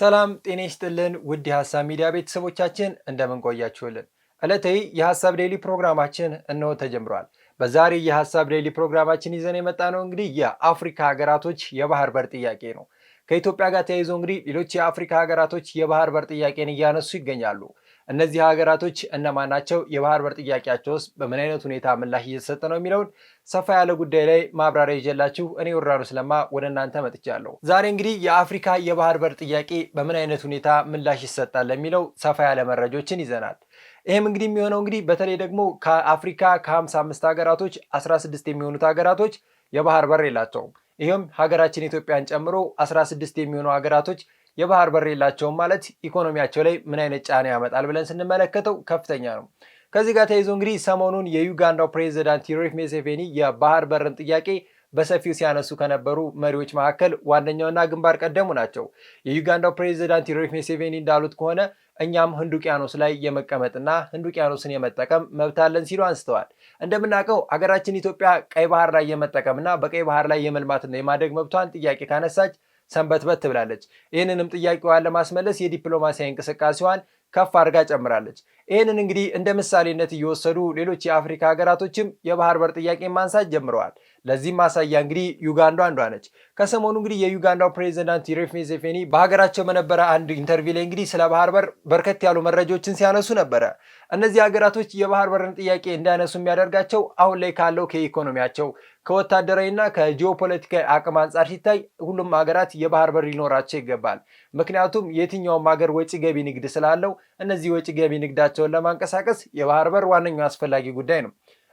ሰላም ጤና ይስጥልን ውድ የሀሳብ ሚዲያ ቤተሰቦቻችን እንደምንቆያችሁልን ዕለታዊ የሀሳብ ዴይሊ ፕሮግራማችን እነሆ ተጀምሯል። በዛሬ የሀሳብ ዴይሊ ፕሮግራማችን ይዘን የመጣ ነው እንግዲህ የአፍሪካ ሀገራቶች የባህር በር ጥያቄ ነው። ከኢትዮጵያ ጋር ተያይዞ እንግዲህ ሌሎች የአፍሪካ ሀገራቶች የባህር በር ጥያቄን እያነሱ ይገኛሉ። እነዚህ ሀገራቶች እነማን ናቸው? የባህር በር ጥያቄያቸው ውስጥ በምን አይነት ሁኔታ ምላሽ እየተሰጠ ነው የሚለውን ሰፋ ያለ ጉዳይ ላይ ማብራሪያ ይዤላችሁ እኔ ዮርዳኖስ ለማ ወደ እናንተ መጥቻለሁ። ዛሬ እንግዲህ የአፍሪካ የባህር በር ጥያቄ በምን አይነት ሁኔታ ምላሽ ይሰጣል ለሚለው ሰፋ ያለ መረጃዎችን ይዘናል። ይህም እንግዲህ የሚሆነው እንግዲህ በተለይ ደግሞ ከአፍሪካ ከ 55 ሀገራቶች 16 የሚሆኑት ሀገራቶች የባህር በር የላቸውም። ይህም ሀገራችን ኢትዮጵያን ጨምሮ 16 የሚሆኑ ሀገራቶች የባህር በር የላቸውም ማለት ኢኮኖሚያቸው ላይ ምን አይነት ጫና ያመጣል ብለን ስንመለከተው ከፍተኛ ነው። ከዚህ ጋር ተይዞ እንግዲህ ሰሞኑን የዩጋንዳው ፕሬዚዳንት ዮዌሪ ሙሴቬኒ የባህር በርን ጥያቄ በሰፊው ሲያነሱ ከነበሩ መሪዎች መካከል ዋነኛውና ግንባር ቀደሙ ናቸው። የዩጋንዳው ፕሬዚዳንት ዮዌሪ ሙሴቬኒ እንዳሉት ከሆነ እኛም ህንድ ውቅያኖስ ላይ የመቀመጥና ህንድ ውቅያኖስን የመጠቀም መብት አለን ሲሉ አንስተዋል። እንደምናውቀው ሀገራችን ኢትዮጵያ ቀይ ባህር ላይ የመጠቀምና በቀይ ባህር ላይ የመልማትና የማደግ መብቷን ጥያቄ ካነሳች ሰንበትበት ብላለች። ይህንንም ጥያቄዋን ለማስመለስ የዲፕሎማሲያዊ እንቅስቃሴዋን ከፍ አድርጋ ጨምራለች። ይህንን እንግዲህ እንደ ምሳሌነት እየወሰዱ ሌሎች የአፍሪካ ሀገራቶችም የባህር በር ጥያቄ ማንሳት ጀምረዋል። ለዚህም ማሳያ እንግዲህ ዩጋንዳ አንዷ ነች። ከሰሞኑ እንግዲህ የዩጋንዳው ፕሬዚዳንት ዩዌሪ ሙሴቬኒ በሀገራቸው በነበረ አንድ ኢንተርቪው ላይ እንግዲህ ስለ ባህር በር በርከት ያሉ መረጃዎችን ሲያነሱ ነበረ። እነዚህ ሀገራቶች የባህር በርን ጥያቄ እንዳያነሱ የሚያደርጋቸው አሁን ላይ ካለው ከኢኮኖሚያቸው ከወታደራዊና ከጂኦፖለቲካዊ አቅም አንጻር ሲታይ ሁሉም ሀገራት የባህር በር ሊኖራቸው ይገባል። ምክንያቱም የትኛውም ሀገር ወጪ ገቢ ንግድ ስላለው እነዚህ ወጪ ገቢ ንግዳቸውን ለማንቀሳቀስ የባህር በር ዋነኛው አስፈላጊ ጉዳይ ነው።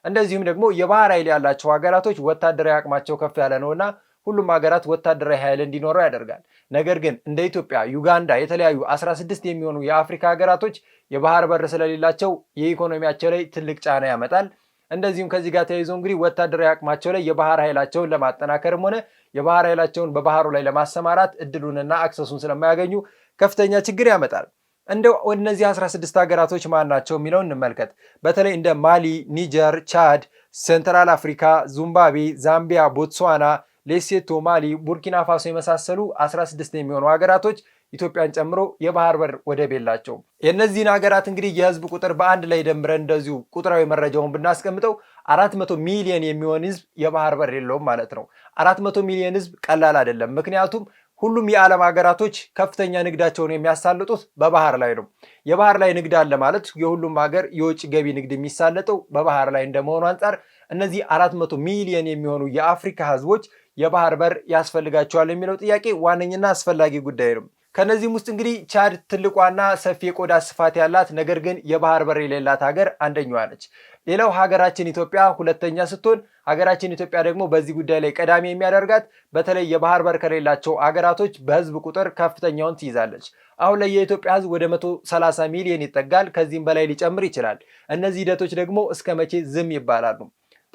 እንደዚሁም ደግሞ የባህር ኃይል ያላቸው ሀገራቶች ወታደራዊ አቅማቸው ከፍ ያለ ነውና ሁሉም ሀገራት ወታደራዊ ኃይል እንዲኖረው ያደርጋል። ነገር ግን እንደ ኢትዮጵያ፣ ዩጋንዳ የተለያዩ 16 የሚሆኑ የአፍሪካ ሀገራቶች የባህር በር ስለሌላቸው የኢኮኖሚያቸው ላይ ትልቅ ጫና ያመጣል። እንደዚሁም ከዚህ ጋር ተያይዞ እንግዲህ ወታደራዊ አቅማቸው ላይ የባህር ኃይላቸውን ለማጠናከርም ሆነ የባህር ኃይላቸውን በባህሩ ላይ ለማሰማራት እድሉንና አክሰሱን ስለማያገኙ ከፍተኛ ችግር ያመጣል። እንደ እነዚህ 16 ሀገራቶች ማን ናቸው የሚለውን እንመልከት። በተለይ እንደ ማሊ፣ ኒጀር፣ ቻድ፣ ሴንትራል አፍሪካ፣ ዙምባቤ፣ ዛምቢያ፣ ቦትስዋና ሌሴቶ፣ ማሊ፣ ቡርኪና ፋሶ የመሳሰሉ 16 የሚሆኑ ሀገራቶች ኢትዮጵያን ጨምሮ የባህር በር ወደብ የላቸውም። የእነዚህን ሀገራት እንግዲህ የህዝብ ቁጥር በአንድ ላይ ደምረን እንደዚሁ ቁጥራዊ መረጃውን ብናስቀምጠው 400 ሚሊየን የሚሆን ህዝብ የባህር በር የለውም ማለት ነው። 400 ሚሊዮን ሚሊየን ህዝብ ቀላል አይደለም። ምክንያቱም ሁሉም የዓለም ሀገራቶች ከፍተኛ ንግዳቸውን የሚያሳልጡት በባህር ላይ ነው። የባህር ላይ ንግድ አለ ማለት የሁሉም ሀገር የውጭ ገቢ ንግድ የሚሳለጠው በባህር ላይ እንደመሆኑ አንጻር እነዚህ 400 ሚሊየን የሚሆኑ የአፍሪካ ህዝቦች የባህር በር ያስፈልጋቸዋል የሚለው ጥያቄ ዋነኝና አስፈላጊ ጉዳይ ነው። ከነዚህም ውስጥ እንግዲህ ቻድ ትልቋና ሰፊ የቆዳ ስፋት ያላት ነገር ግን የባህር በር የሌላት ሀገር አንደኛዋ ነች። ሌላው ሀገራችን ኢትዮጵያ ሁለተኛ ስትሆን ሀገራችን ኢትዮጵያ ደግሞ በዚህ ጉዳይ ላይ ቀዳሚ የሚያደርጋት በተለይ የባህር በር ከሌላቸው ሀገራቶች በህዝብ ቁጥር ከፍተኛውን ትይዛለች። አሁን ላይ የኢትዮጵያ ህዝብ ወደ 130 ሚሊዮን ይጠጋል። ከዚህም በላይ ሊጨምር ይችላል። እነዚህ ሂደቶች ደግሞ እስከ መቼ ዝም ይባላሉ?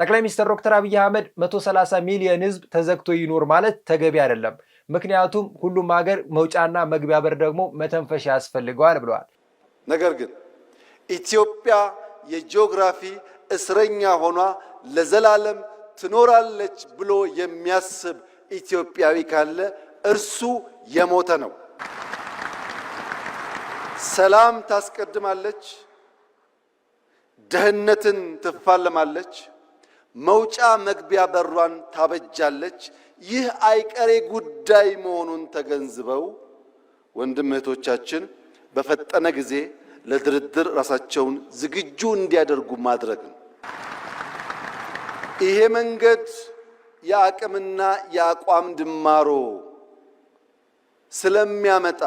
ጠቅላይ ሚኒስትር ዶክተር አብይ አህመድ 130 ሚሊዮን ህዝብ ተዘግቶ ይኖር ማለት ተገቢ አይደለም። ምክንያቱም ሁሉም ሀገር መውጫና መግቢያ በር ደግሞ መተንፈሻ ያስፈልገዋል ብለዋል። ነገር ግን ኢትዮጵያ የጂኦግራፊ እስረኛ ሆኗ ለዘላለም ትኖራለች ብሎ የሚያስብ ኢትዮጵያዊ ካለ እርሱ የሞተ ነው። ሰላም ታስቀድማለች፣ ደህንነትን ትፋለማለች። መውጫ መግቢያ በሯን ታበጃለች። ይህ አይቀሬ ጉዳይ መሆኑን ተገንዝበው ወንድም እህቶቻችን በፈጠነ ጊዜ ለድርድር ራሳቸውን ዝግጁ እንዲያደርጉ ማድረግ ነው። ይሄ መንገድ የአቅምና የአቋም ድማሮ ስለሚያመጣ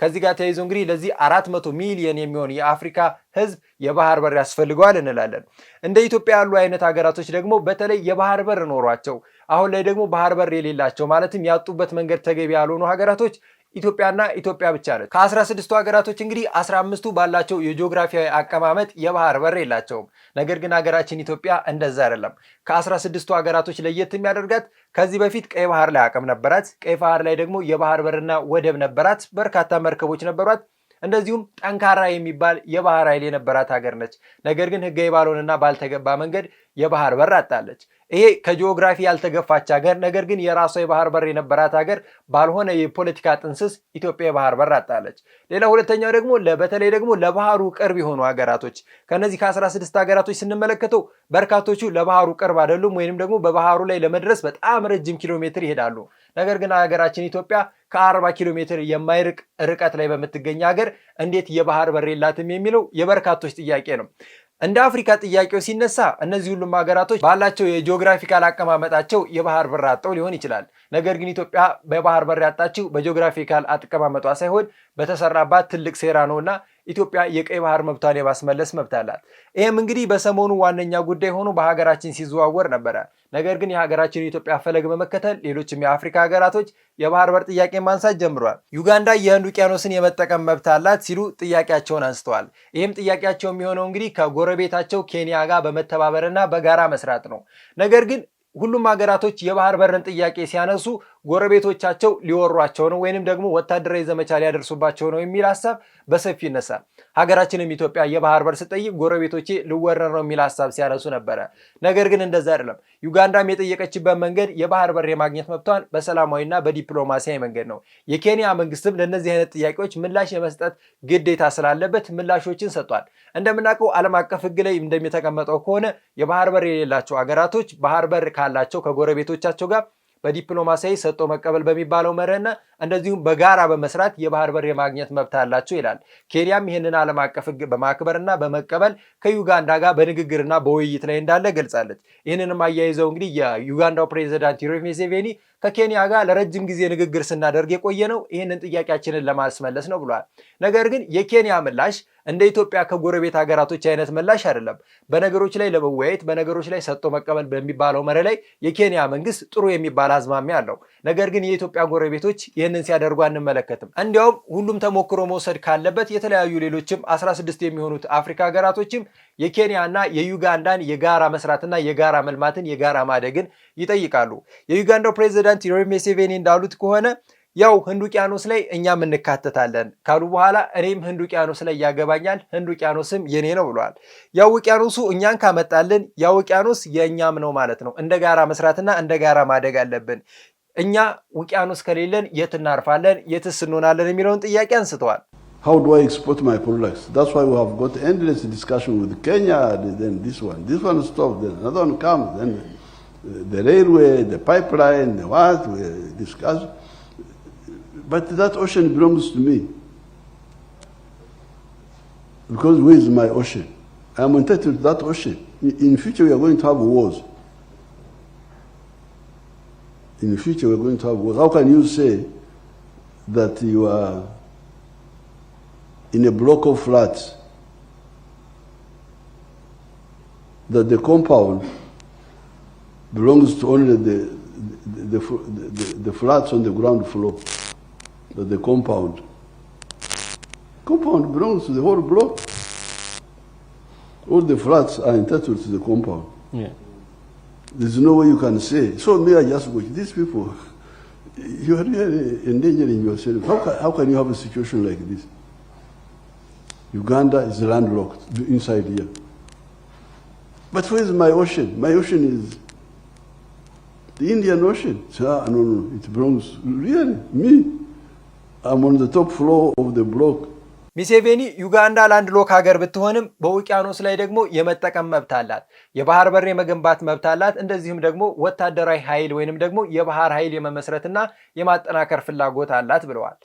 ከዚህ ጋር ተያይዞ እንግዲህ ለዚህ አራት መቶ ሚሊየን የሚሆን የአፍሪካ ህዝብ የባህር በር ያስፈልገዋል እንላለን። እንደ ኢትዮጵያ ያሉ አይነት ሀገራቶች ደግሞ በተለይ የባህር በር ኖሯቸው አሁን ላይ ደግሞ ባህር በር የሌላቸው ማለትም ያጡበት መንገድ ተገቢ ያልሆኑ ሀገራቶች ኢትዮጵያና ኢትዮጵያ ብቻ ነች። ከአስራ ስድስቱ ሀገራቶች እንግዲህ አስራ አምስቱ ባላቸው የጂኦግራፊያዊ አቀማመጥ የባህር በር የላቸውም። ነገር ግን ሀገራችን ኢትዮጵያ እንደዛ አይደለም። ከአስራ ስድስቱ ሀገራቶች ለየት የሚያደርጋት ከዚህ በፊት ቀይ ባህር ላይ አቅም ነበራት። ቀይ ባህር ላይ ደግሞ የባህር በርና ወደብ ነበራት። በርካታ መርከቦች ነበሯት። እንደዚሁም ጠንካራ የሚባል የባህር ኃይል የነበራት ሀገር ነች። ነገር ግን ህገ ባልሆነና ባልተገባ መንገድ የባህር በር አጣለች። ይሄ ከጂኦግራፊ ያልተገፋች ሀገር ነገር ግን የራሷ የባህር በር የነበራት ሀገር ባልሆነ የፖለቲካ ጥንስስ ኢትዮጵያ የባህር በር አጣለች። ሌላ ሁለተኛው ደግሞ በተለይ ደግሞ ለባህሩ ቅርብ የሆኑ ሀገራቶች ከነዚህ ከ16 ሀገራቶች ስንመለከተው በርካቶቹ ለባህሩ ቅርብ አይደሉም፣ ወይንም ደግሞ በባህሩ ላይ ለመድረስ በጣም ረጅም ኪሎ ሜትር ይሄዳሉ። ነገር ግን ሀገራችን ኢትዮጵያ ከ40 ኪሎ ሜትር የማይርቅ ርቀት ላይ በምትገኝ ሀገር እንዴት የባህር በር የላትም የሚለው የበርካቶች ጥያቄ ነው። እንደ አፍሪካ ጥያቄው ሲነሳ እነዚህ ሁሉም ሀገራቶች ባላቸው የጂኦግራፊካል አቀማመጣቸው የባህር በር አጠው ሊሆን ይችላል። ነገር ግን ኢትዮጵያ በባህር በር ያጣችው በጂኦግራፊካል አቀማመጧ ሳይሆን በተሰራባት ትልቅ ሴራ ነውና። ኢትዮጵያ የቀይ ባህር መብቷን የማስመለስ መብት አላት። ይህም እንግዲህ በሰሞኑ ዋነኛ ጉዳይ ሆኖ በሀገራችን ሲዘዋወር ነበረ። ነገር ግን የሀገራችን የኢትዮጵያ ፈለግ በመከተል ሌሎችም የአፍሪካ ሀገራቶች የባህር በር ጥያቄ ማንሳት ጀምሯል። ዩጋንዳ የህንድ ውቅያኖስን የመጠቀም መብት አላት ሲሉ ጥያቄያቸውን አንስተዋል። ይህም ጥያቄያቸው የሚሆነው እንግዲህ ከጎረቤታቸው ኬንያ ጋር በመተባበርና በጋራ መስራት ነው። ነገር ግን ሁሉም ሀገራቶች የባህር በርን ጥያቄ ሲያነሱ ጎረቤቶቻቸው ሊወሯቸው ነው ወይንም ደግሞ ወታደራዊ ዘመቻ ሊያደርሱባቸው ነው የሚል ሀሳብ በሰፊ ይነሳል። ሀገራችንም ኢትዮጵያ የባህር በር ስጠይቅ ጎረቤቶቼ ልወረር ነው የሚል ሀሳብ ሲያነሱ ነበረ። ነገር ግን እንደዛ አይደለም። ዩጋንዳም የጠየቀችበት መንገድ የባህር በር የማግኘት መብቷን በሰላማዊና በዲፕሎማሲያዊ መንገድ ነው። የኬንያ መንግስትም ለእነዚህ አይነት ጥያቄዎች ምላሽ የመስጠት ግዴታ ስላለበት ምላሾችን ሰጥቷል። እንደምናውቀው ዓለም አቀፍ ህግ ላይ እንደሚተቀመጠው ከሆነ የባህር በር የሌላቸው አገራቶች ባህር በር ካላቸው ከጎረቤቶቻቸው ጋር በዲፕሎማሲያዊ ሰጥቶ መቀበል በሚባለው መርህና እንደዚሁም በጋራ በመስራት የባህር በር የማግኘት መብት አላቸው ይላል። ኬንያም ይህንን ዓለም አቀፍ ህግ በማክበርና በመቀበል ከዩጋንዳ ጋር በንግግርና በውይይት ላይ እንዳለ ገልጻለች። ይህንንም አያይዘው እንግዲህ የዩጋንዳው ፕሬዚዳንት ዩዌሪ ሙሴቬኒ ከኬንያ ጋር ለረጅም ጊዜ ንግግር ስናደርግ የቆየ ነው፣ ይህንን ጥያቄያችንን ለማስመለስ ነው ብሏል። ነገር ግን የኬንያ ምላሽ እንደ ኢትዮጵያ ከጎረቤት ሀገራቶች አይነት ምላሽ አይደለም። በነገሮች ላይ ለመወያየት በነገሮች ላይ ሰጥቶ መቀበል በሚባለው መሪ ላይ የኬንያ መንግስት ጥሩ የሚባል አዝማሚያ አለው። ነገር ግን የኢትዮጵያ ጎረቤቶች ይህንን ሲያደርጉ አንመለከትም። እንዲያውም ሁሉም ተሞክሮ መውሰድ ካለበት የተለያዩ ሌሎችም 16 የሚሆኑት አፍሪካ ሀገራቶችም የኬንያና የዩጋንዳን የጋራ መስራትና የጋራ መልማትን የጋራ ማደግን ይጠይቃሉ። የዩጋንዳው ፕሬዚዳንት ዮዌሪ ሙሴቬኒ እንዳሉት ከሆነ ያው ህንድ ውቅያኖስ ላይ እኛም እንካተታለን ካሉ በኋላ እኔም ህንድ ውቅያኖስ ላይ ያገባኛል፣ ህንድ ውቅያኖስም የኔ ነው ብለዋል። ያው ውቅያኖሱ እኛን ካመጣልን ያው ውቅያኖስ የእኛም ነው ማለት ነው። እንደ ጋራ መስራትና እንደ ጋራ ማደግ አለብን። እኛ ውቅያኖስ ከሌለን የት እናርፋለን? የትስ እንሆናለን? የሚለውን ጥያቄ አንስተዋል። How do I export my products? That's why we have got endless discussion with Kenya, then this one, this one stops, then another one comes, then the railway, the pipeline, the what, we discuss. But that ocean belongs to me. Because where is my ocean? I'm entitled to that ocean. In future, we are going to have wars. In future, we are going to have wars. How can you say that you are in a block of flats that the compound belongs to only the, the, the, the, the flats on the ground floor, that the compound. Compound belongs to the whole block. All the flats are entitled to the compound. Yeah. There's no way you can say. So may I just watch these people. You are really endangering yourself. How can, how can you have a situation like this? Uganda is landlocked inside here. But where is my ocean? My ocean is the Indian Ocean. So, ah, no, no, it belongs really me. I'm on the top floor of the block. ሚሴቬኒ ዩጋንዳ ላንድ ሎክ ሀገር ብትሆንም በውቅያኖስ ላይ ደግሞ የመጠቀም መብት አላት፣ የባህር በር የመገንባት መብት አላት። እንደዚሁም ደግሞ ወታደራዊ ኃይል ወይንም ደግሞ የባህር ኃይል የመመስረትና የማጠናከር ፍላጎት አላት ብለዋል።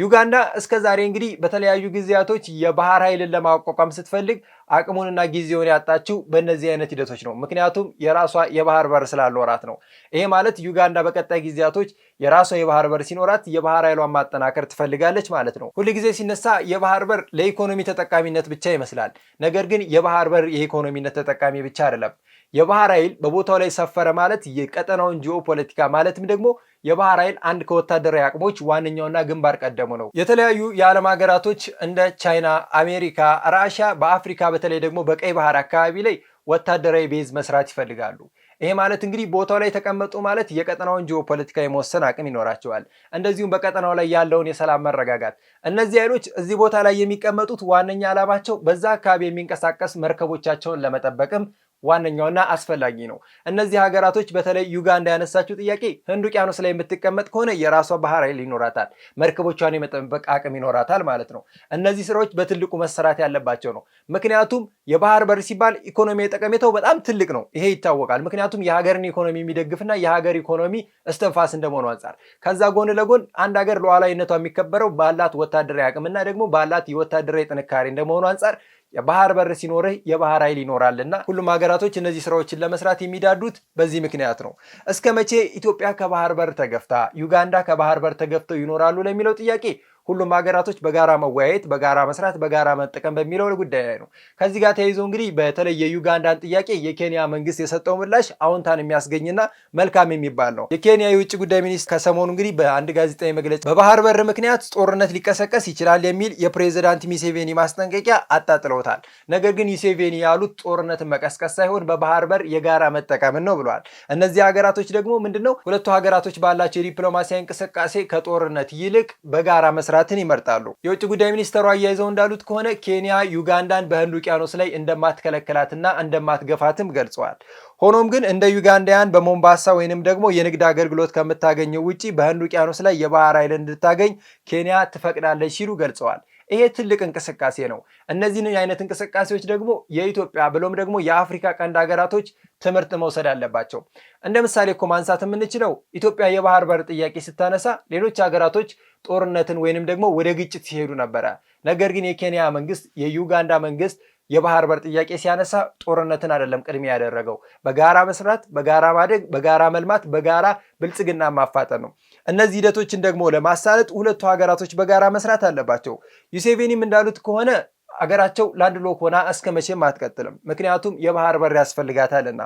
ዩጋንዳ እስከ ዛሬ እንግዲህ በተለያዩ ጊዜያቶች የባህር ኃይልን ለማቋቋም ስትፈልግ አቅሙንና ጊዜውን ያጣችው በእነዚህ አይነት ሂደቶች ነው። ምክንያቱም የራሷ የባህር በር ስላልኖራት ነው። ይሄ ማለት ዩጋንዳ በቀጣይ ጊዜያቶች የራሷ የባህር በር ሲኖራት የባህር ኃይሏን ማጠናከር ትፈልጋለች ማለት ነው። ሁል ጊዜ ሲነሳ የባህር በር ለኢኮኖሚ ተጠቃሚነት ብቻ ይመስላል። ነገር ግን የባህር በር የኢኮኖሚነት ተጠቃሚ ብቻ አይደለም። የባህር ኃይል በቦታው ላይ ሰፈረ ማለት የቀጠናውን ጂኦፖለቲካ ማለትም ደግሞ የባህር ኃይል አንድ ከወታደራዊ አቅሞች ዋነኛውና ግንባር ቀደሙ ነው። የተለያዩ የዓለም ሀገራቶች እንደ ቻይና፣ አሜሪካ፣ ራሽያ በአፍሪካ በተለይ ደግሞ በቀይ ባህር አካባቢ ላይ ወታደራዊ ቤዝ መስራት ይፈልጋሉ። ይሄ ማለት እንግዲህ ቦታው ላይ ተቀመጡ ማለት የቀጠናውን ጂኦፖለቲካ የመወሰን አቅም ይኖራቸዋል። እንደዚሁም በቀጠናው ላይ ያለውን የሰላም መረጋጋት። እነዚህ ኃይሎች እዚህ ቦታ ላይ የሚቀመጡት ዋነኛ ዓላማቸው በዛ አካባቢ የሚንቀሳቀስ መርከቦቻቸውን ለመጠበቅም ዋነኛውና አስፈላጊ ነው። እነዚህ ሀገራቶች በተለይ ዩጋንዳ ያነሳችው ጥያቄ ህንድ ውቅያኖስ ላይ የምትቀመጥ ከሆነ የራሷ ባህር ኃይል ይኖራታል፣ መርከቦቿን የመጠበቅ አቅም ይኖራታል ማለት ነው። እነዚህ ስራዎች በትልቁ መሰራት ያለባቸው ነው። ምክንያቱም የባህር በር ሲባል ኢኮኖሚ ጠቀሜታው በጣም ትልቅ ነው። ይሄ ይታወቃል። ምክንያቱም የሀገርን ኢኮኖሚ የሚደግፍና የሀገር ኢኮኖሚ እስትንፋስ እንደመሆኑ አንጻር ከዛ ጎን ለጎን አንድ ሀገር ሉዓላዊነቷ የሚከበረው ባላት ወታደራዊ አቅምና ደግሞ ባላት የወታደራዊ ጥንካሬ እንደመሆኑ አንጻር የባህር በር ሲኖርህ የባህር ኃይል ይኖራል እና ሁሉም ሀገራቶች እነዚህ ስራዎችን ለመስራት የሚዳዱት በዚህ ምክንያት ነው። እስከ መቼ ኢትዮጵያ ከባህር በር ተገፍታ፣ ዩጋንዳ ከባህር በር ተገፍተው ይኖራሉ ለሚለው ጥያቄ ሁሉም ሀገራቶች በጋራ መወያየት፣ በጋራ መስራት፣ በጋራ መጠቀም በሚለው ጉዳይ ላይ ነው። ከዚህ ጋር ተያይዞ እንግዲህ በተለይ የዩጋንዳን ጥያቄ የኬንያ መንግስት የሰጠው ምላሽ አዎንታን የሚያስገኝና መልካም የሚባል ነው። የኬንያ የውጭ ጉዳይ ሚኒስትር ከሰሞኑ እንግዲህ በአንድ ጋዜጣዊ መግለጫ በባህር በር ምክንያት ጦርነት ሊቀሰቀስ ይችላል የሚል የፕሬዚዳንት ሚሴቬኒ ማስጠንቀቂያ አጣጥለውታል። ነገር ግን ሚሴቬኒ ያሉት ጦርነትን መቀስቀስ ሳይሆን በባህር በር የጋራ መጠቀምን ነው ብለዋል። እነዚህ ሀገራቶች ደግሞ ምንድነው ሁለቱ ሀገራቶች ባላቸው የዲፕሎማሲያዊ እንቅስቃሴ ከጦርነት ይልቅ በጋራ መስራት ሀገራትን ይመርጣሉ። የውጭ ጉዳይ ሚኒስተሩ አያይዘው እንዳሉት ከሆነ ኬንያ ዩጋንዳን በህንድ ውቅያኖስ ላይ እንደማትከለከላትና እንደማትገፋትም ገልጸዋል። ሆኖም ግን እንደ ዩጋንዳያን በሞምባሳ ወይንም ደግሞ የንግድ አገልግሎት ከምታገኘው ውጪ በህንድ ውቅያኖስ ላይ የባህር ኃይል እንድታገኝ ኬንያ ትፈቅዳለች ሲሉ ገልጸዋል። ይሄ ትልቅ እንቅስቃሴ ነው። እነዚህን አይነት እንቅስቃሴዎች ደግሞ የኢትዮጵያ ብሎም ደግሞ የአፍሪካ ቀንድ ሀገራቶች ትምህርት መውሰድ አለባቸው። እንደ ምሳሌ እኮ ማንሳት የምንችለው ኢትዮጵያ የባህር በር ጥያቄ ስታነሳ ሌሎች ሀገራቶች ጦርነትን ወይንም ደግሞ ወደ ግጭት ሲሄዱ ነበረ። ነገር ግን የኬንያ መንግስት፣ የዩጋንዳ መንግስት የባህር በር ጥያቄ ሲያነሳ ጦርነትን አይደለም ቅድሚያ ያደረገው፣ በጋራ መስራት፣ በጋራ ማደግ፣ በጋራ መልማት፣ በጋራ ብልጽግና ማፋጠን ነው። እነዚህ ሂደቶችን ደግሞ ለማሳለጥ ሁለቱ ሀገራቶች በጋራ መስራት አለባቸው። ዩሴቬኒም እንዳሉት ከሆነ አገራቸው ላንድ ሎክ ሆና እስከ መቼም አትቀጥልም። ምክንያቱም የባህር በር ያስፈልጋታልና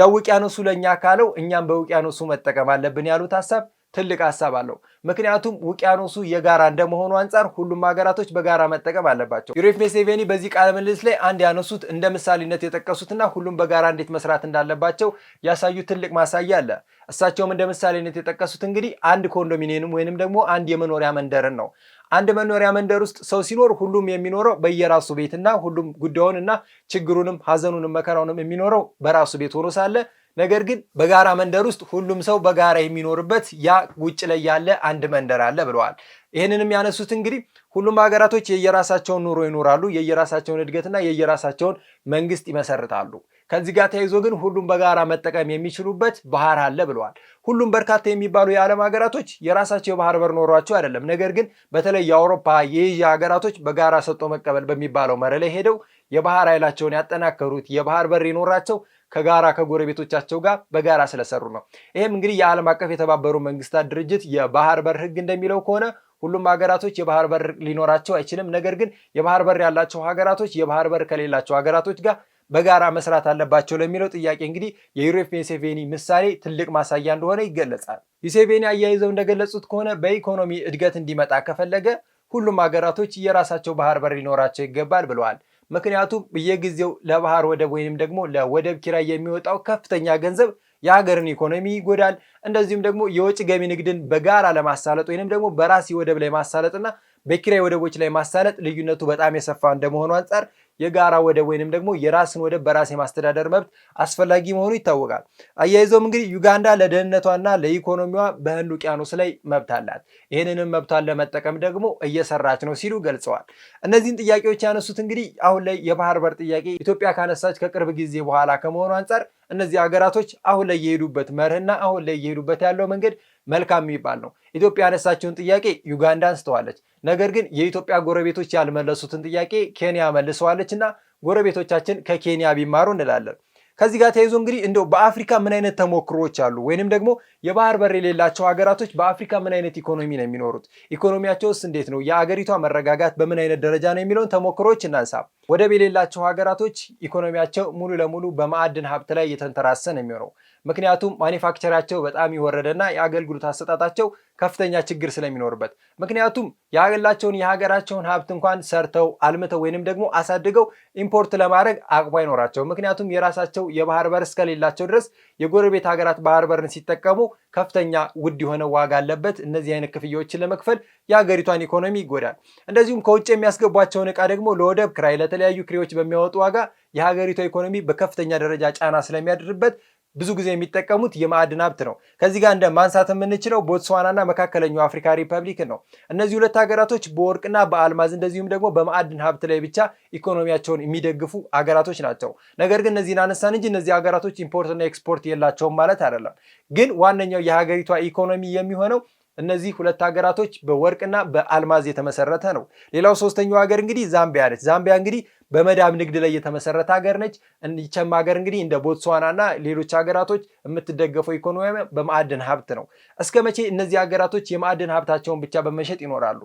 ያው ውቅያኖሱ ለእኛ ካለው እኛም በውቅያኖሱ መጠቀም አለብን ያሉት ሀሳብ ትልቅ ሀሳብ አለው። ምክንያቱም ውቅያኖሱ የጋራ እንደመሆኑ አንጻር ሁሉም ሀገራቶች በጋራ መጠቀም አለባቸው። ዩሬፍ ሜሴቬኒ በዚህ ቃለ ምልልስ ላይ አንድ ያነሱት እንደ ምሳሌነት የጠቀሱትና ሁሉም በጋራ እንዴት መስራት እንዳለባቸው ያሳዩ ትልቅ ማሳያ አለ። እሳቸውም እንደ ምሳሌነት የጠቀሱት እንግዲህ አንድ ኮንዶሚኒየም ወይንም ደግሞ አንድ የመኖሪያ መንደርን ነው። አንድ መኖሪያ መንደር ውስጥ ሰው ሲኖር ሁሉም የሚኖረው በየራሱ ቤትና ሁሉም ጉዳዩንና ችግሩንም ሀዘኑንም መከራውንም የሚኖረው በራሱ ቤት ሆኖ ሳለ ነገር ግን በጋራ መንደር ውስጥ ሁሉም ሰው በጋራ የሚኖርበት ያ ውጭ ላይ ያለ አንድ መንደር አለ ብለዋል። ይህንንም ያነሱት እንግዲህ ሁሉም ሀገራቶች የየራሳቸውን ኑሮ ይኖራሉ፣ የየራሳቸውን እድገትና የየራሳቸውን መንግስት ይመሰርታሉ። ከዚህ ጋር ተያይዞ ግን ሁሉም በጋራ መጠቀም የሚችሉበት ባህር አለ ብለዋል። ሁሉም በርካታ የሚባሉ የዓለም ሀገራቶች የራሳቸው የባህር በር ኖሯቸው አይደለም። ነገር ግን በተለይ የአውሮፓ የኤዥያ ሀገራቶች በጋራ ሰጥቶ መቀበል በሚባለው መርህ ላይ ሄደው የባህር ኃይላቸውን ያጠናከሩት የባህር በር የኖራቸው ከጋራ ከጎረቤቶቻቸው ጋር በጋራ ስለሰሩ ነው። ይህም እንግዲህ የዓለም አቀፍ የተባበሩ መንግስታት ድርጅት የባህር በር ህግ እንደሚለው ከሆነ ሁሉም ሀገራቶች የባህር በር ሊኖራቸው አይችልም። ነገር ግን የባህር በር ያላቸው ሀገራቶች የባህር በር ከሌላቸው ሀገራቶች ጋር በጋራ መስራት አለባቸው ለሚለው ጥያቄ እንግዲህ የዩሮፕ የሴቬኒ ምሳሌ ትልቅ ማሳያ እንደሆነ ይገለጻል። የሴቬኒ አያይዘው እንደገለጹት ከሆነ በኢኮኖሚ እድገት እንዲመጣ ከፈለገ ሁሉም ሀገራቶች የራሳቸው ባህር በር ሊኖራቸው ይገባል ብለዋል። ምክንያቱም በየጊዜው ለባህር ወደብ ወይም ደግሞ ለወደብ ኪራይ የሚወጣው ከፍተኛ ገንዘብ የሀገርን ኢኮኖሚ ይጎዳል። እንደዚሁም ደግሞ የውጭ ገቢ ንግድን በጋራ ለማሳለጥ ወይንም ደግሞ በራሲ ወደብ ላይ ማሳለጥና በኪራይ ወደቦች ላይ ማሳለጥ ልዩነቱ በጣም የሰፋ እንደመሆኑ አንጻር የጋራ ወደብ ወይንም ደግሞ የራስን ወደብ በራስ የማስተዳደር መብት አስፈላጊ መሆኑ ይታወቃል። አያይዘውም እንግዲህ ዩጋንዳ ለደህንነቷና ለኢኮኖሚዋ በህንድ ውቅያኖስ ላይ መብት አላት። ይህንንም መብቷን ለመጠቀም ደግሞ እየሰራች ነው ሲሉ ገልጸዋል። እነዚህን ጥያቄዎች ያነሱት እንግዲህ አሁን ላይ የባህር በር ጥያቄ ኢትዮጵያ ካነሳች ከቅርብ ጊዜ በኋላ ከመሆኑ አንጻር እነዚህ ሀገራቶች አሁን ላይ የሄዱበት መርህና አሁን ላይ የሄዱበት ያለው መንገድ መልካም የሚባል ነው። ኢትዮጵያ ያነሳችውን ጥያቄ ዩጋንዳ አንስተዋለች። ነገር ግን የኢትዮጵያ ጎረቤቶች ያልመለሱትን ጥያቄ ኬንያ መልሰዋለች እና ጎረቤቶቻችን ከኬንያ ቢማሩ እንላለን። ከዚህ ጋር ተያይዞ እንግዲህ እንደው በአፍሪካ ምን አይነት ተሞክሮዎች አሉ ወይንም ደግሞ የባህር በር የሌላቸው ሀገራቶች በአፍሪካ ምን አይነት ኢኮኖሚ ነው የሚኖሩት? ኢኮኖሚያቸውስ እንዴት ነው? የአገሪቷ መረጋጋት በምን አይነት ደረጃ ነው የሚለውን ተሞክሮዎች እናንሳ። ወደብ የሌላቸው ሀገራቶች ኢኮኖሚያቸው ሙሉ ለሙሉ በማዕድን ሀብት ላይ እየተንተራሰ ነው የሚሆነው። ምክንያቱም ማኒፋክቸራቸው በጣም የወረደና የአገልግሎት አሰጣጣቸው ከፍተኛ ችግር ስለሚኖርበት ምክንያቱም ያላቸውን የሀገራቸውን ሀብት እንኳን ሰርተው አልምተው ወይንም ደግሞ አሳድገው ኢምፖርት ለማድረግ አቅሙ አይኖራቸው። ምክንያቱም የራሳቸው የባህር በር እስከሌላቸው ድረስ የጎረቤት ሀገራት ባህር በርን ሲጠቀሙ ከፍተኛ ውድ የሆነ ዋጋ አለበት። እነዚህ አይነት ክፍያዎችን ለመክፈል የሀገሪቷን ኢኮኖሚ ይጎዳል። እንደዚሁም ከውጭ የሚያስገቧቸውን እቃ ደግሞ ለወደብ ክራይ፣ ለተለያዩ ክሬዎች በሚያወጡ ዋጋ የሀገሪቷ ኢኮኖሚ በከፍተኛ ደረጃ ጫና ስለሚያድርበት ብዙ ጊዜ የሚጠቀሙት የማዕድን ሀብት ነው። ከዚህ ጋር እንደ ማንሳት የምንችለው ቦትስዋናና መካከለኛው አፍሪካ ሪፐብሊክ ነው። እነዚህ ሁለት ሀገራቶች በወርቅና በአልማዝ እንደዚሁም ደግሞ በማዕድን ሀብት ላይ ብቻ ኢኮኖሚያቸውን የሚደግፉ ሀገራቶች ናቸው። ነገር ግን እነዚህን አነሳን እንጂ እነዚህ ሀገራቶች ኢምፖርትና ኤክስፖርት የላቸውም ማለት አይደለም። ግን ዋነኛው የሀገሪቷ ኢኮኖሚ የሚሆነው እነዚህ ሁለት ሀገራቶች በወርቅና በአልማዝ የተመሰረተ ነው። ሌላው ሶስተኛው ሀገር እንግዲህ ዛምቢያ ነች። ዛምቢያ እንግዲህ በመዳብ ንግድ ላይ የተመሰረተ ሀገር ነች። ይቸም ሀገር እንግዲህ እንደ ቦትስዋናና ሌሎች ሀገራቶች የምትደገፈው ኢኮኖሚ በማዕድን ሀብት ነው። እስከ መቼ እነዚህ ሀገራቶች የማዕድን ሀብታቸውን ብቻ በመሸጥ ይኖራሉ?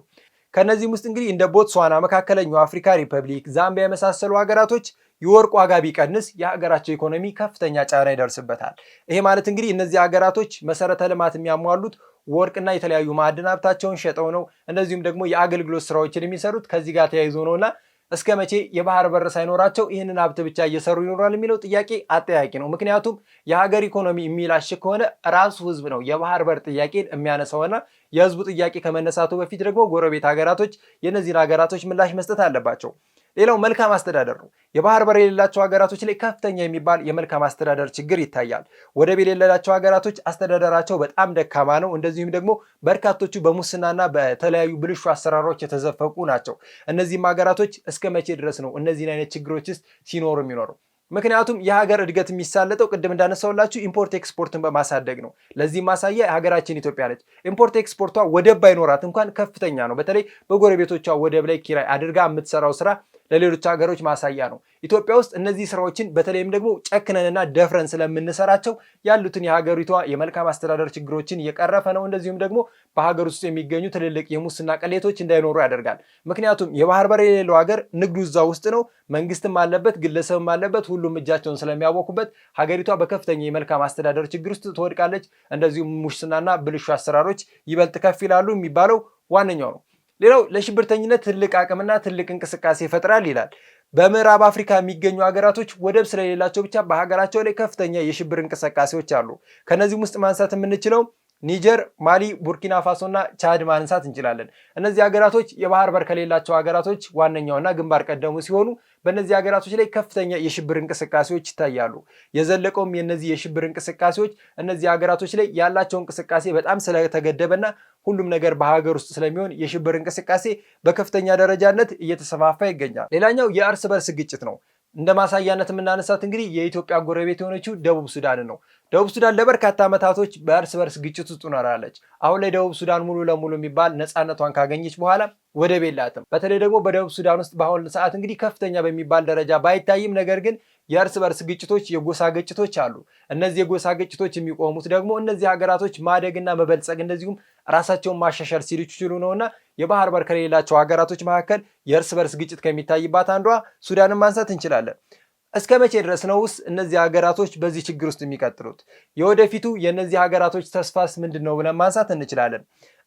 ከእነዚህም ውስጥ እንግዲህ እንደ ቦትስዋና፣ መካከለኛው አፍሪካ ሪፐብሊክ፣ ዛምቢያ የመሳሰሉ ሀገራቶች የወርቅ ዋጋ ቢቀንስ የሀገራቸው ኢኮኖሚ ከፍተኛ ጫና ይደርስበታል። ይሄ ማለት እንግዲህ እነዚህ ሀገራቶች መሰረተ ልማት የሚያሟሉት ወርቅና የተለያዩ ማዕድን ሀብታቸውን ሸጠው ነው። እንደዚሁም ደግሞ የአገልግሎት ስራዎችን የሚሰሩት ከዚህ ጋር ተያይዞ ነውና እስከ መቼ የባህር በር ሳይኖራቸው ይህንን ሀብት ብቻ እየሰሩ ይኖራል የሚለው ጥያቄ አጠያቂ ነው። ምክንያቱም የሀገር ኢኮኖሚ የሚላሽ ከሆነ ራሱ ህዝብ ነው የባህር በር ጥያቄን የሚያነሳውና የህዝቡ ጥያቄ ከመነሳቱ በፊት ደግሞ ጎረቤት ሀገራቶች የእነዚህን ሀገራቶች ምላሽ መስጠት አለባቸው። ሌላው መልካም አስተዳደር ነው። የባህር በር የሌላቸው ሀገራቶች ላይ ከፍተኛ የሚባል የመልካም አስተዳደር ችግር ይታያል። ወደብ የሌላቸው ሀገራቶች አስተዳደራቸው በጣም ደካማ ነው። እንደዚሁም ደግሞ በርካቶቹ በሙስናና በተለያዩ ብልሹ አሰራሮች የተዘፈቁ ናቸው። እነዚህም ሀገራቶች እስከ መቼ ድረስ ነው እነዚህን አይነት ውስጥ ሲኖሩ የሚኖረው? ምክንያቱም የሀገር እድገት የሚሳለጠው ቅድም እንዳነሳውላችሁ ኢምፖርት ኤክስፖርትን በማሳደግ ነው። ለዚህ ማሳያ ሀገራችን ኢትዮጵያ ነች። ኢምፖርት ኤክስፖርቷ ወደብ ባይኖራት እንኳን ከፍተኛ ነው። በተለይ በጎረቤቶቿ ወደብ ላይ ኪራይ አድርጋ የምትሰራው ስራ ለሌሎች ሀገሮች ማሳያ ነው። ኢትዮጵያ ውስጥ እነዚህ ስራዎችን በተለይም ደግሞ ጨክነንና ደፍረን ስለምንሰራቸው ያሉትን የሀገሪቷ የመልካም አስተዳደር ችግሮችን እየቀረፈ ነው። እንደዚሁም ደግሞ በሀገር ውስጥ የሚገኙ ትልልቅ የሙስና ቅሌቶች እንዳይኖሩ ያደርጋል። ምክንያቱም የባህር በር የሌለው ሀገር ንግዱ እዛ ውስጥ ነው። መንግስትም አለበት፣ ግለሰብም አለበት። ሁሉም እጃቸውን ስለሚያወኩበት ሀገሪቷ በከፍተኛ የመልካም አስተዳደር ችግር ውስጥ ትወድቃለች። እንደዚሁም ሙስናና ብልሹ አሰራሮች ይበልጥ ከፍ ይላሉ የሚባለው ዋነኛው ነው። ሌላው ለሽብርተኝነት ትልቅ አቅምና ትልቅ እንቅስቃሴ ይፈጥራል ይላል። በምዕራብ አፍሪካ የሚገኙ ሀገራቶች ወደብ ስለሌላቸው ብቻ በሀገራቸው ላይ ከፍተኛ የሽብር እንቅስቃሴዎች አሉ። ከነዚህም ውስጥ ማንሳት የምንችለው ኒጀር፣ ማሊ፣ ቡርኪና ፋሶ እና ቻድ ማንሳት እንችላለን። እነዚህ ሀገራቶች የባህር በር ከሌላቸው ሀገራቶች ዋነኛውና ግንባር ቀደሙ ሲሆኑ በእነዚህ ሀገራቶች ላይ ከፍተኛ የሽብር እንቅስቃሴዎች ይታያሉ። የዘለቀውም የእነዚህ የሽብር እንቅስቃሴዎች እነዚህ ሀገራቶች ላይ ያላቸው እንቅስቃሴ በጣም ስለተገደበና ሁሉም ነገር በሀገር ውስጥ ስለሚሆን የሽብር እንቅስቃሴ በከፍተኛ ደረጃነት እየተሰፋፋ ይገኛል። ሌላኛው የእርስ በርስ ግጭት ነው። እንደ ማሳያነት የምናነሳት እንግዲህ የኢትዮጵያ ጎረቤት የሆነችው ደቡብ ሱዳን ነው። ደቡብ ሱዳን ለበርካታ ዓመታቶች በእርስ በርስ ግጭት ውስጥ ኖራለች። አሁን ላይ ደቡብ ሱዳን ሙሉ ለሙሉ የሚባል ነፃነቷን ካገኘች በኋላ ወደብ የላትም። በተለይ ደግሞ በደቡብ ሱዳን ውስጥ በአሁኑ ሰዓት እንግዲህ ከፍተኛ በሚባል ደረጃ ባይታይም፣ ነገር ግን የእርስ በርስ ግጭቶች፣ የጎሳ ግጭቶች አሉ። እነዚህ የጎሳ ግጭቶች የሚቆሙት ደግሞ እነዚህ ሀገራቶች ማደግና መበልጸግ እንደዚሁም ራሳቸውን ማሻሻል ሲችሉ ነውና የባህር በር ከሌላቸው ሀገራቶች መካከል የእርስ በርስ ግጭት ከሚታይባት አንዷ ሱዳንን ማንሳት እንችላለን። እስከ መቼ ድረስ ነውስ እነዚህ ሀገራቶች በዚህ ችግር ውስጥ የሚቀጥሉት? የወደፊቱ የእነዚህ ሀገራቶች ተስፋስ ምንድን ነው ብለን ማንሳት እንችላለን።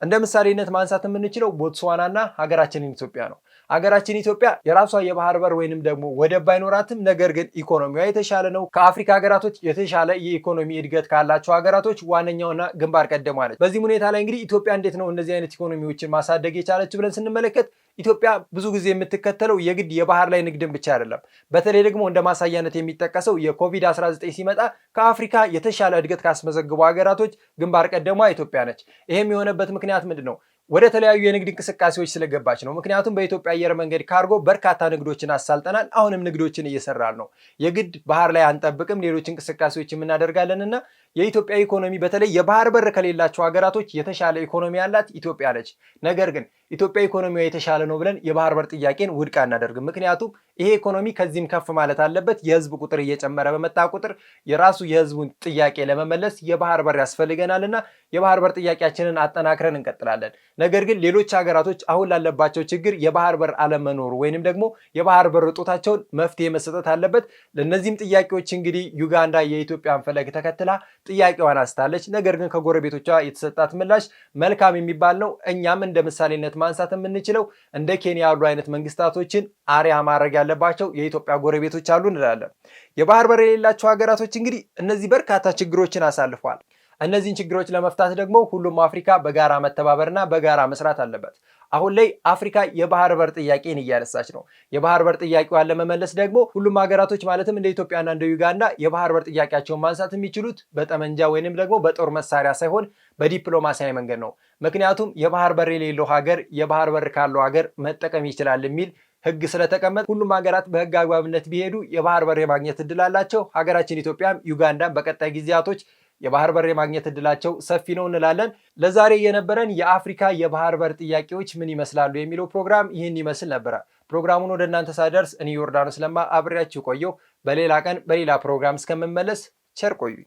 እንደ ምሳሌነት ማንሳት የምንችለው ቦትስዋናና ሀገራችንን ኢትዮጵያ ነው። አገራችን ኢትዮጵያ የራሷ የባህር በር ወይንም ደግሞ ወደብ ባይኖራትም፣ ነገር ግን ኢኮኖሚዋ የተሻለ ነው። ከአፍሪካ ሀገራቶች የተሻለ የኢኮኖሚ እድገት ካላቸው ሀገራቶች ዋነኛውና ግንባር ቀደሟ ነች። በዚህም ሁኔታ ላይ እንግዲህ ኢትዮጵያ እንዴት ነው እነዚህ አይነት ኢኮኖሚዎችን ማሳደግ የቻለች ብለን ስንመለከት ኢትዮጵያ ብዙ ጊዜ የምትከተለው የግድ የባህር ላይ ንግድን ብቻ አይደለም። በተለይ ደግሞ እንደ ማሳያነት የሚጠቀሰው የኮቪድ-19 ሲመጣ ከአፍሪካ የተሻለ እድገት ካስመዘግቡ ሀገራቶች ግንባር ቀደሟ ኢትዮጵያ ነች። ይህም የሆነበት ምክንያት ምንድን ነው? ወደ ተለያዩ የንግድ እንቅስቃሴዎች ስለገባች ነው። ምክንያቱም በኢትዮጵያ አየር መንገድ ካርጎ በርካታ ንግዶችን አሳልጠናል። አሁንም ንግዶችን እየሰራል ነው። የግድ ባህር ላይ አንጠብቅም፣ ሌሎች እንቅስቃሴዎች እናደርጋለን እና የኢትዮጵያ ኢኮኖሚ በተለይ የባህር በር ከሌላቸው ሀገራቶች የተሻለ ኢኮኖሚ ያላት ኢትዮጵያ ነች። ነገር ግን ኢትዮጵያ ኢኮኖሚዋ የተሻለ ነው ብለን የባህር በር ጥያቄን ውድቅ አናደርግም። ምክንያቱም ይሄ ኢኮኖሚ ከዚህም ከፍ ማለት አለበት። የህዝብ ቁጥር እየጨመረ በመጣ ቁጥር የራሱ የህዝቡን ጥያቄ ለመመለስ የባህር በር ያስፈልገናልና የባህር በር ጥያቄያችንን አጠናክረን እንቀጥላለን። ነገር ግን ሌሎች ሀገራቶች አሁን ላለባቸው ችግር የባህር በር አለመኖሩ ወይንም ደግሞ የባህር በር እጦታቸውን መፍትሄ መሰጠት አለበት። ለእነዚህም ጥያቄዎች እንግዲህ ዩጋንዳ የኢትዮጵያን ፈለግ ተከትላ ጥያቄዋን አስታለች። ነገር ግን ከጎረቤቶቿ የተሰጣት ምላሽ መልካም የሚባል ነው። እኛም እንደ ምሳሌነት ማንሳት የምንችለው እንደ ኬንያ ያሉ አይነት መንግስታቶችን አሪያ ማድረግ ያለባቸው የኢትዮጵያ ጎረቤቶች አሉ እንላለን። የባህር በር የሌላቸው ሀገራቶች እንግዲህ እነዚህ በርካታ ችግሮችን አሳልፈዋል። እነዚህን ችግሮች ለመፍታት ደግሞ ሁሉም አፍሪካ በጋራ መተባበርና በጋራ መስራት አለበት። አሁን ላይ አፍሪካ የባህር በር ጥያቄን እያነሳች ነው። የባህር በር ጥያቄዋን ለመመለስ ደግሞ ሁሉም ሀገራቶች ማለትም እንደ ኢትዮጵያና እንደ ዩጋንዳ የባህር በር ጥያቄያቸውን ማንሳት የሚችሉት በጠመንጃ ወይንም ደግሞ በጦር መሳሪያ ሳይሆን በዲፕሎማሲያዊ መንገድ ነው። ምክንያቱም የባህር በር የሌለው ሀገር የባህር በር ካለው ሀገር መጠቀም ይችላል የሚል ህግ ስለተቀመጠ ሁሉም ሀገራት በህግ አግባብነት ቢሄዱ የባህር በር የማግኘት እድል አላቸው። ሀገራችን ኢትዮጵያም ዩጋንዳም በቀጣይ ጊዜያቶች የባህር በር የማግኘት እድላቸው ሰፊ ነው እንላለን። ለዛሬ የነበረን የአፍሪካ የባህር በር ጥያቄዎች ምን ይመስላሉ የሚለው ፕሮግራም ይህን ይመስል ነበረ። ፕሮግራሙን ወደ እናንተ ሳደርስ እኔ ዮርዳኖስ ለማ አብሬያችሁ ቆየው። በሌላ ቀን በሌላ ፕሮግራም እስከምመለስ ቸር ቆዩኝ።